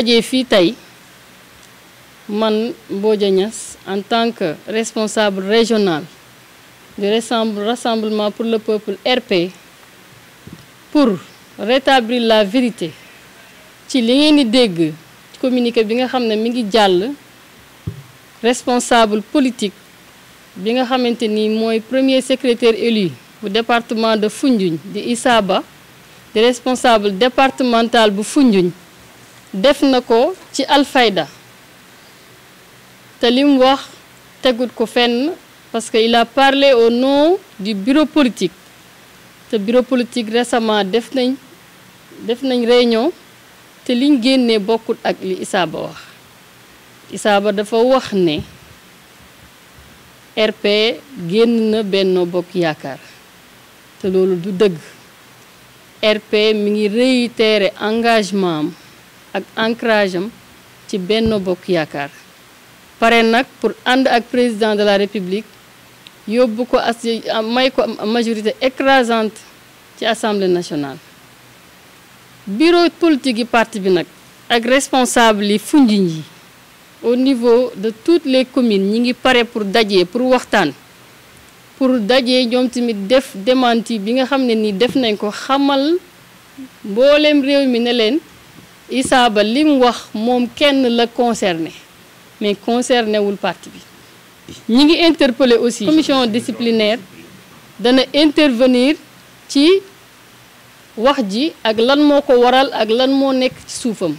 Je suis tay man en tant que responsable régional du rassemblement pour le peuple RP pour rétablir la vérité ci li ngeen di dégg communiqué bi nga mi ngi responsable politique bi nga le ni premier secrétaire élu du département de Foundiougne de ISABA, du responsable départemental de Foundiougne def na ko ci alfayda te li wax tegut ko fenn parce que il a parlé au nom bureau politique te bureau politique récemment def nañ def nañ réunion te liñ génnee bokkut ak li Issaba wax Issaba dafa wax ne RP génn na Benno Bokk Yaakaar te loolu du dëgg RP mu ngi réitérer engagement am ak ancrage ci Benno Bokk yakar paré nak pour and ak président de la République yóbbu ko as may ko majorité écrasante ci Assemblée nationale bureau politique parti bi nak ak responsable yi fundiñ au niveau de toutes les communes ñi ngi paré pour dajé pour waxtan pour dajé ñom timit def démenti bi nga xamné ni def nañ ko xamal mbolém réew mi ne len Issa Ba li mu wax moom kenn la concerné mais concerné wul parti bi ñi ngi interpellé aussi commission disciplinaire dana intervenir ci wax ji ak lan moo ko waral ak lan moo nekk ci suufam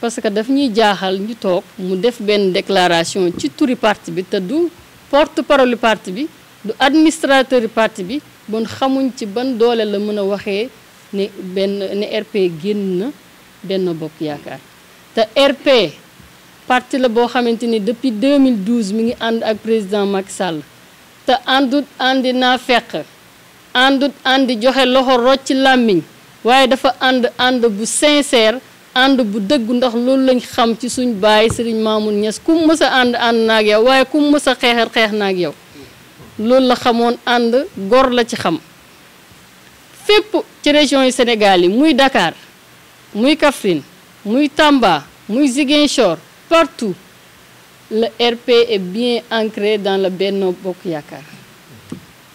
parce que daf ñuy jaaxal ñu toog mu def benn déclaration ci turi parti bi te du porte parole parti bi du administrateur parti bi bon xamuñ ci ban doole la mën a waxee ne benn ne RP génn na benn Bokk Yaakaar te RP parti la boo xamante ni depuis 2012 mi ngi ànd ak président Macky sàll te àndut àndi naa fekk àndut àndi joxe loxo rocc làmmiñ waaye dafa ànd ànd bu sincère ànd bu dëggu ndax loolu lañ xam ci suñ baay sëriñ Mamoun Niass ku mu mës ànd ànd naag yow waaye ku mësa mës xeexal xeex naag yow loolu la xamoon ànd gor la ci xam fépp ci région yu Sénégal yi muy dakaar muy Kaffrine muy Tamba muy Ziguinchor partout le RP est bien ancré dans le Benno Bokk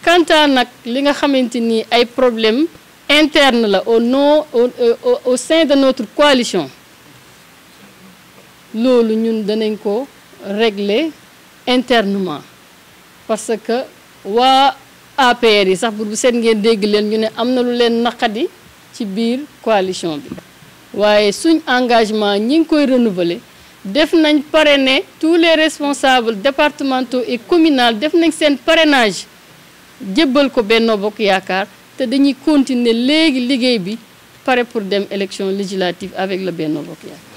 quant à ce li nga xamante ni ay problème interne là, au euh, au sein de notre coalition Nous ñun dañ ko régler internement parce que wa APR yi sax bu nous ngeen dégg leen ñu ne lu leen ci coalition waaye suñ engagement ñi ngi koy renouveler def nañ parrainer tous les responsables départementaux et communaux def nañ un parrainage jébbal ko Benno Bokk Yaakaar te dañuy continuer à faire bi élections pour dem législative avec le Benno Bokk